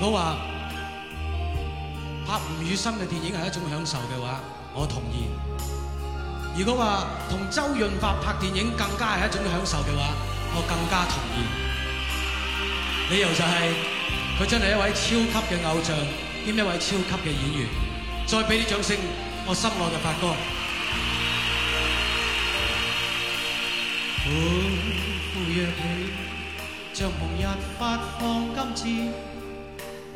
如果話拍吳宇森嘅電影係一種享受嘅話，我同意；如果話同周潤發拍電影更加係一種享受嘅話，我更加同意。理由就係，佢真係一位超級嘅偶像兼一位超級嘅演員。再俾啲掌聲，我心愛嘅發哥。歡呼躍起，像紅日發放金翅。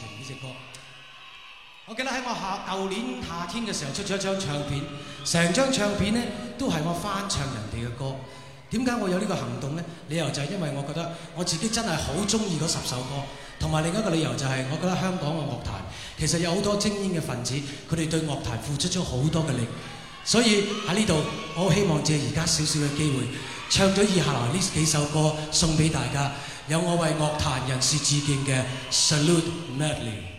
呢隻歌，我記得喺我夏舊年夏天嘅時候出咗張唱片，成張唱片呢都係我翻唱人哋嘅歌。點解我有呢個行動呢？理由就係因為我覺得我自己真係好鍾意嗰十首歌，同埋另一個理由就係我覺得香港嘅樂壇其實有好多精英嘅分子，佢哋對樂壇付出咗好多嘅力，所以喺呢度，我希望借而家少少嘅機會。唱咗以下呢幾首歌送俾大家，有我為樂壇人士致敬嘅 Salute Medley。